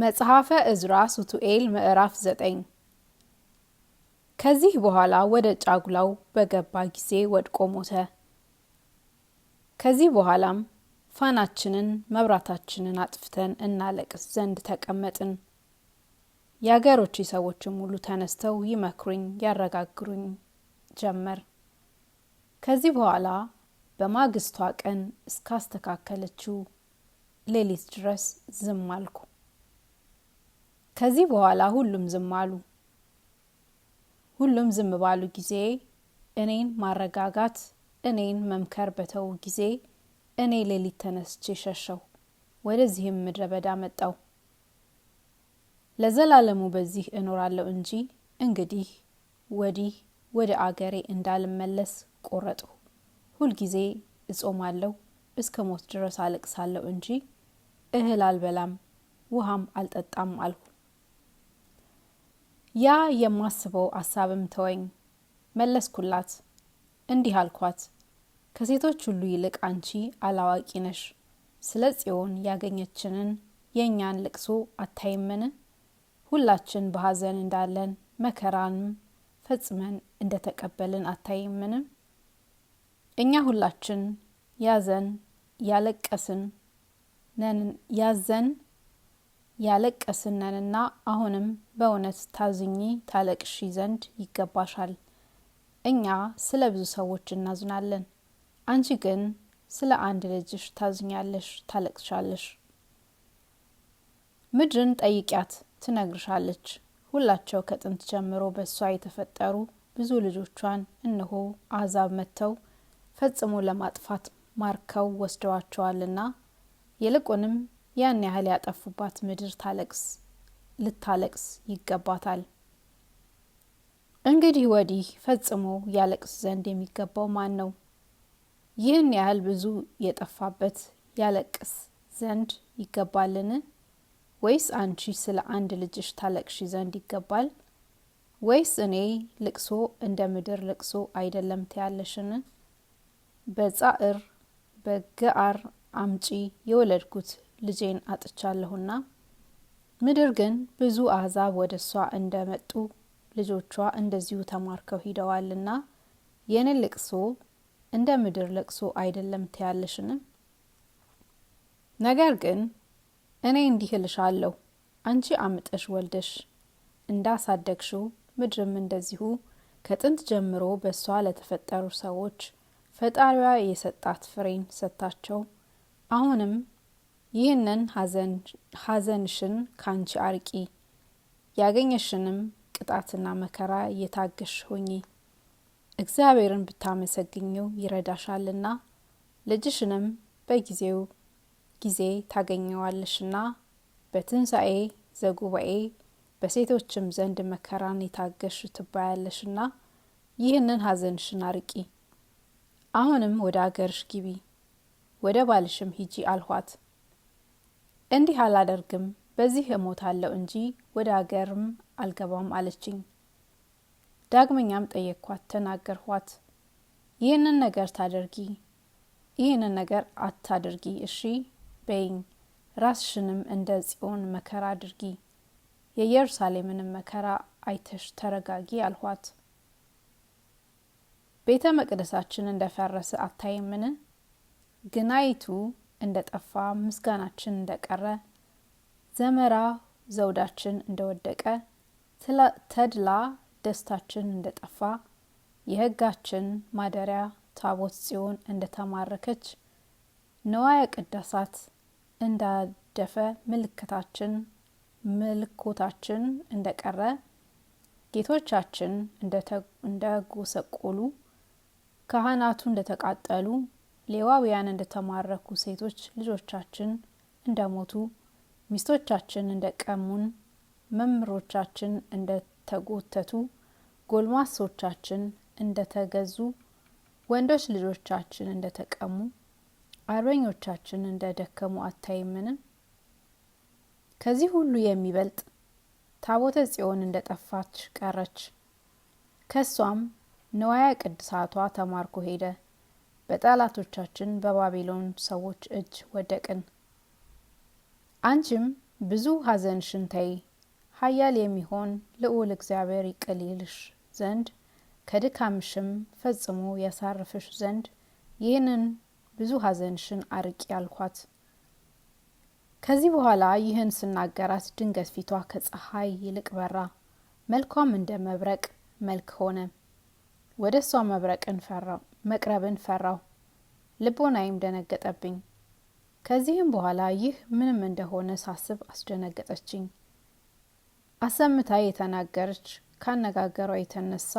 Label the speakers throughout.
Speaker 1: መጽሐፈ እዝራ ሱቱኤል ምዕራፍ ዘጠኝ ከዚህ በኋላ ወደ ጫጉላው በገባ ጊዜ ወድቆ ሞተ። ከዚህ በኋላም ፋናችንን መብራታችንን አጥፍተን እናለቅስ ዘንድ ተቀመጥን። የአገሮች ሰዎችም ሁሉ ተነስተው ይመክሩኝ ያረጋግሩኝ ጀመር። ከዚህ በኋላ በማግስቷ ቀን እስካስተካከለችው ሌሊት ድረስ ዝም አልኩ። ከዚህ በኋላ ሁሉም ዝም አሉ። ሁሉም ዝም ባሉ ጊዜ እኔን ማረጋጋት፣ እኔን መምከር በተው ጊዜ እኔ ሌሊት ተነስቼ ሸሸው፣ ወደዚህም ምድረ በዳ መጣው። ለዘላለሙ በዚህ እኖራለሁ እንጂ እንግዲህ ወዲህ ወደ አገሬ እንዳልመለስ ቆረጥሁ። ሁልጊዜ እጾማለሁ፣ እስከ ሞት ድረስ አለቅሳለሁ እንጂ እህል አልበላም ውሃም አልጠጣም አልሁ። ያ የማስበው አሳብም ተወኝ። መለስኩላት፣ እንዲህ አልኳት፣ ከሴቶች ሁሉ ይልቅ አንቺ አላዋቂ ነሽ። ስለ ጽዮን ያገኘችንን የእኛን ልቅሶ አታይምን? ሁላችን በሐዘን እንዳለን መከራንም ፈጽመን እንደ ተቀበልን አታይምን? እኛ ሁላችን ያዘን ያለቀስን ነን ያዘን ያለቀስነንና አሁንም በእውነት ታዝኚ ታለቅሺ ዘንድ ይገባሻል። እኛ ስለ ብዙ ሰዎች እናዝናለን፣ አንቺ ግን ስለ አንድ ልጅሽ ታዝኛለሽ፣ ታለቅሻለሽ። ምድርን ጠይቂያት ትነግርሻለች። ሁላቸው ከጥንት ጀምሮ በእሷ የተፈጠሩ ብዙ ልጆቿን እነሆ አሕዛብ መጥተው ፈጽሞ ለማጥፋት ማርከው ወስደዋቸዋልና ይልቁንም ያን ያህል ያጠፉባት ምድር ታለቅስ ልታለቅስ ይገባታል። እንግዲህ ወዲህ ፈጽሞ ያለቅስ ዘንድ የሚገባው ማን ነው? ይህን ያህል ብዙ የጠፋበት ያለቅስ ዘንድ ይገባልን? ወይስ አንቺ ስለ አንድ ልጅሽ ታለቅሺ ዘንድ ይገባል? ወይስ እኔ ልቅሶ እንደ ምድር ልቅሶ አይደለም ትያለሽን? በጻዕር በገአር አምጪ የወለድኩት ልጄን አጥቻለሁና ምድር ግን ብዙ አሕዛብ ወደ እሷ እንደ መጡ ልጆቿ እንደዚሁ ተማርከው ሂደዋልና የኔ ልቅሶ እንደ ምድር ልቅሶ አይደለም ትያለሽን? ነገር ግን እኔ እንዲህ እልሻለሁ፣ አንቺ አምጠሽ ወልደሽ እንዳሳደግሽው ምድርም እንደዚሁ ከጥንት ጀምሮ በእሷ ለተፈጠሩ ሰዎች ፈጣሪዋ የሰጣት ፍሬን ሰጥታቸው አሁንም ይህንን ሐዘንሽን ካንቺ አርቂ፣ ያገኘሽንም ቅጣትና መከራ የታገሽ ሆኚ እግዚአብሔርን ብታመሰግኘው ይረዳሻልና ልጅሽንም በጊዜው ጊዜ ታገኘዋለሽና በትንሣኤ ዘጉባኤ በሴቶችም ዘንድ መከራን የታገሽ ትባያለሽና ይህንን ሐዘንሽን አርቂ። አሁንም ወደ አገርሽ ግቢ፣ ወደ ባልሽም ሂጂ አልኋት። እንዲህ አላደርግም፣ በዚህ እሞታለሁ እንጂ ወደ አገርም አልገባም አለችኝ። ዳግመኛም ጠየቅኳት፣ ተናገርኋት። ይህንን ነገር ታደርጊ፣ ይህንን ነገር አታድርጊ፣ እሺ በይኝ፣ ራስሽንም እንደ ጽዮን መከራ አድርጊ፣ የኢየሩሳሌምንም መከራ አይተሽ ተረጋጊ አልኋት። ቤተ መቅደሳችን እንደ ፈረሰ አታይምን? ግናይቱ እንደጠፋ ምስጋናችን እንደቀረ ዘመራ ዘውዳችን እንደወደቀ ተድላ ደስታችን እንደጠፋ የሕጋችን ማደሪያ ታቦት ጽዮን እንደተማረከች ነዋያ ቅዳሳት እንዳደፈ ምልክታችን ምልኮታችን እንደቀረ ጌቶቻችን እንደጎሰቆሉ ካህናቱ እንደተቃጠሉ ሌዋውያን እንደተማረኩ ሴቶች ልጆቻችን እንደሞቱ፣ ሚስቶቻችን እንደቀሙን፣ መምህሮቻችን እንደተጎተቱ፣ ጎልማሶቻችን እንደተገዙ፣ ወንዶች ልጆቻችን እንደተቀሙ፣ አርበኞቻችን እንደደከሙ አታይምን? ከዚህ ሁሉ የሚበልጥ ታቦተ ጽዮን እንደ ጠፋች ቀረች። ከሷም ንዋያ ቅድሳቷ ተማርኮ ሄደ። በጠላቶቻችን በባቢሎን ሰዎች እጅ ወደቅን። አንቺም ብዙ ሐዘንሽን ሽንተይ ኃያል የሚሆን ልዑል እግዚአብሔር ይቅልልሽ ዘንድ ከድካምሽም ፈጽሞ ያሳርፍሽ ዘንድ ይህንን ብዙ ሐዘንሽን አርቂ ያልኳት። ከዚህ በኋላ ይህን ስናገራት ድንገት ፊቷ ከፀሐይ ይልቅ በራ፣ መልኳም እንደ መብረቅ መልክ ሆነ። ወደ እሷ መብረቅን ፈራው። መቅረብን ፈራው። ልቦናይም ደነገጠብኝ። ከዚህም በኋላ ይህ ምንም እንደሆነ ሳስብ አስደነገጠችኝ። አሰምታ የተናገረች ካነጋገሯ የተነሳ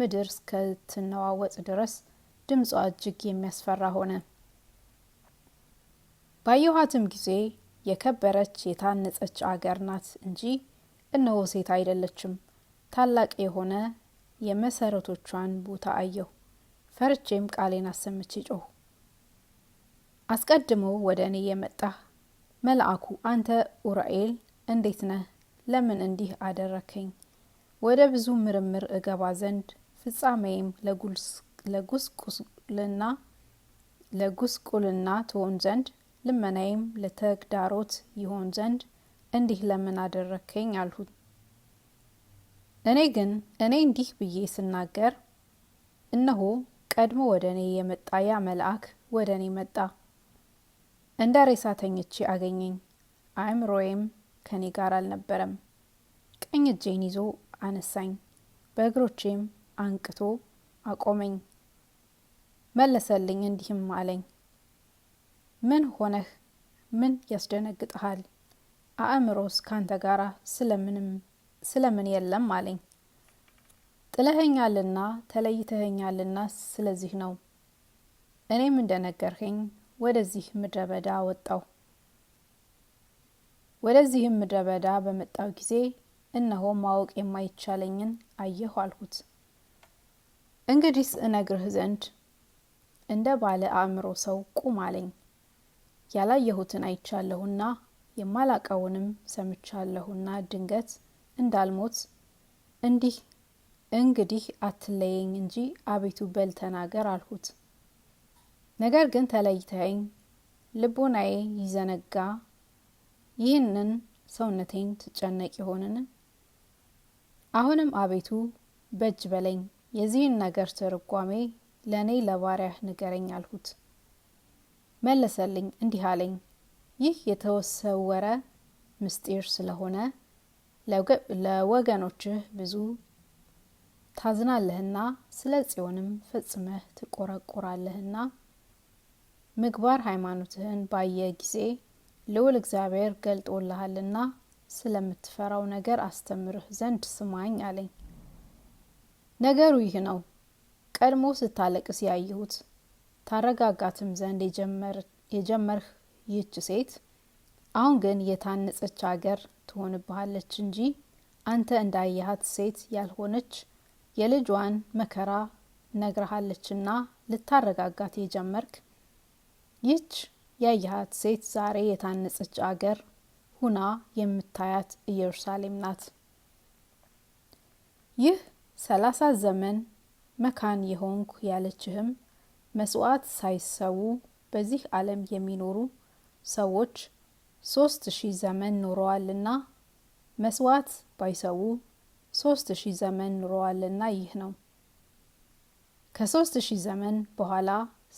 Speaker 1: ምድር እስክትነዋወጥ ድረስ ድምጿ እጅግ የሚያስፈራ ሆነ። ባየኋትም ጊዜ የከበረች የታነጸች አገር ናት እንጂ እነሆ ሴት አይደለችም። ታላቅ የሆነ የመሰረቶቿን ቦታ አየሁ። ፈርቼም ቃሌን አሰምቼ ጮሁ። አስቀድሞ ወደ እኔ የመጣ መልአኩ አንተ ኡራኤል እንዴት ነህ? ለምን እንዲህ አደረከኝ? ወደ ብዙ ምርምር እገባ ዘንድ ፍጻሜዬም ለጉስቁልና ለጉስቁልና ትሆን ዘንድ ልመናዬም ለተግዳሮት ይሆን ዘንድ እንዲህ ለምን አደረከኝ አልሁት። እኔ ግን እኔ እንዲህ ብዬ ስናገር እነሆ ቀድሞ ወደ እኔ የመጣ ያ መልአክ ወደ እኔ መጣ። እንደ ሬሳ ተኝቼ አገኘኝ። አእምሮዬም ከኔ ጋር አልነበረም። ቀኝ እጄን ይዞ አነሳኝ፣ በእግሮቼም አንቅቶ አቆመኝ። መለሰልኝ፣ እንዲህም አለኝ፣ ምን ሆነህ? ምን ያስደነግጠሃል? አእምሮስ ካንተ ጋራ ስለምንም ስለምን የለም አለኝ። ጥለኸኛልና ተለይተኸኛልና ስለዚህ ነው እኔም እንደነገርኸኝ ወደዚህ ምድረ በዳ ወጣው ወደዚህም ምድረ በዳ በመጣው ጊዜ እነሆ ማወቅ የማይቻለኝን አየሁ አልሁት። እንግዲህስ እነግርህ ዘንድ እንደ ባለ አእምሮ ሰው ቁም አለኝ። ያላየሁትን አይቻለሁና የማላቀውንም ሰምቻለሁና ድንገት እንዳልሞት እንዲህ እንግዲህ አትለየኝ እንጂ አቤቱ በል ተናገር አልሁት። ነገር ግን ተለይተኝ ልቦናዬ ይዘነጋ ይህንን ሰውነቴን ትጨነቅ ይሆንን? አሁንም አቤቱ በእጅ በለኝ፣ የዚህን ነገር ትርጓሜ ለእኔ ለባሪያህ ንገረኝ አልሁት። መለሰልኝ እንዲህ አለኝ፣ ይህ የተሰወረ ምስጢር ስለሆነ ለወገኖችህ ብዙ ታዝናለህና ስለ ጽዮንም ፈጽመህ ትቆረቆራለህና ምግባር ሃይማኖትህን ባየ ጊዜ ልውል እግዚአብሔር ገልጦልሃልና ስለምትፈራው ነገር አስተምርህ ዘንድ ስማኝ አለኝ። ነገሩ ይህ ነው። ቀድሞ ስታለቅስ ያየሁት ታረጋጋትም ዘንድ የጀመርህ ይህች ሴት አሁን ግን የታነጸች አገር ትሆንብሃለች እንጂ አንተ እንዳየሃት ሴት ያልሆነች የልጇን መከራ ነግረሃለችና ልታረጋጋት የጀመርክ ይች ያየሃት ሴት ዛሬ የታነጸች አገር ሁና የምታያት ኢየሩሳሌም ናት። ይህ ሰላሳ ዘመን መካን የሆንኩ ያለችህም መስዋዕት ሳይሰዉ በዚህ ዓለም የሚኖሩ ሰዎች ሶስት ሺህ ዘመን ኖረዋልና መስዋዕት ባይሰዉ ሶስት ሺህ ዘመን ኑረዋልና ይህ ነው። ከሶስት ሺህ ዘመን በኋላ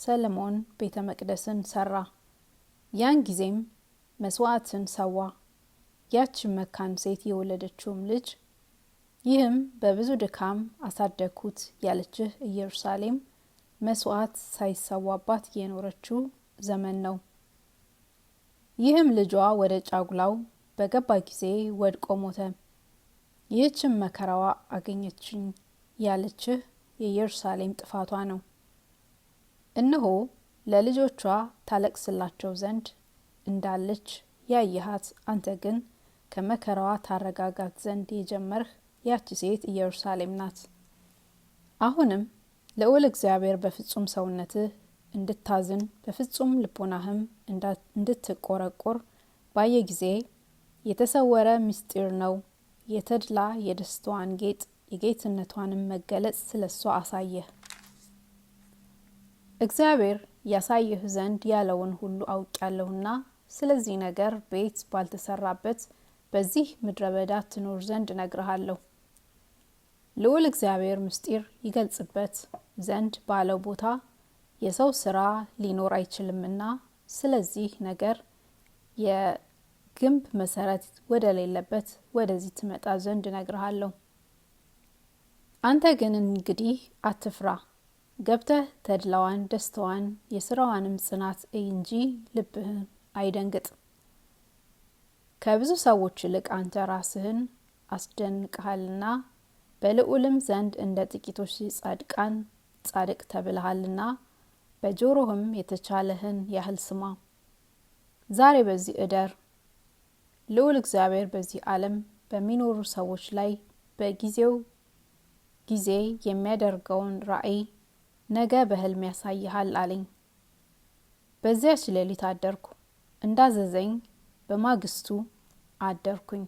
Speaker 1: ሰለሞን ቤተ መቅደስን ሰራ። ያን ጊዜም መስዋዕትን ሰዋ። ያችን መካን ሴት የወለደችውም ልጅ ይህም በብዙ ድካም አሳደግኩት ያለችህ ኢየሩሳሌም መስዋዕት ሳይሰዋባት የኖረችው ዘመን ነው። ይህም ልጇ ወደ ጫጉላው በገባ ጊዜ ወድቆ ሞተ። ይህችን መከራዋ አገኘችኝ ያለችህ የኢየሩሳሌም ጥፋቷ ነው። እነሆ ለልጆቿ ታለቅስላቸው ዘንድ እንዳለች ያየሃት፣ አንተ ግን ከመከራዋ ታረጋጋት ዘንድ የጀመርህ ያቺ ሴት ኢየሩሳሌም ናት። አሁንም ለውል እግዚአብሔር በፍጹም ሰውነትህ እንድታዝን በፍጹም ልቦናህም እንድትቆረቆር ባየ ጊዜ የተሰወረ ምስጢር ነው የተድላ የደስታዋን ጌጥ የጌትነቷንም መገለጽ ስለ እሷ አሳየህ። እግዚአብሔር ያሳየህ ዘንድ ያለውን ሁሉ አውቅያለሁና ስለዚህ ነገር ቤት ባልተሰራበት በዚህ ምድረ በዳ ትኖር ዘንድ እነግርሃለሁ። ልዑል እግዚአብሔር ምስጢር ይገልጽበት ዘንድ ባለው ቦታ የሰው ስራ ሊኖር አይችልምና ስለዚህ ነገር ግንብ መሰረት ወደ ሌለበት ወደዚህ ትመጣ ዘንድ እነግርሃለሁ። አንተ ግን እንግዲህ አትፍራ፣ ገብተህ ተድላዋን፣ ደስታዋን፣ የስራዋንም ጽናት እይ እንጂ ልብህን አይደንግጥ። ከብዙ ሰዎች ይልቅ አንተ ራስህን አስደንቀሃልና በልዑልም ዘንድ እንደ ጥቂቶች ጻድቃን ጻድቅ ተብልሃልና በጆሮህም የተቻለህን ያህል ስማ። ዛሬ በዚህ እደር። ልዑል እግዚአብሔር በዚህ ዓለም በሚኖሩ ሰዎች ላይ በጊዜው ጊዜ የሚያደርገውን ራእይ ነገ በህልም ያሳይሃል አለኝ። በዚያች ሌሊት አደርኩ። እንዳዘዘኝ በማግስቱ አደርኩኝ።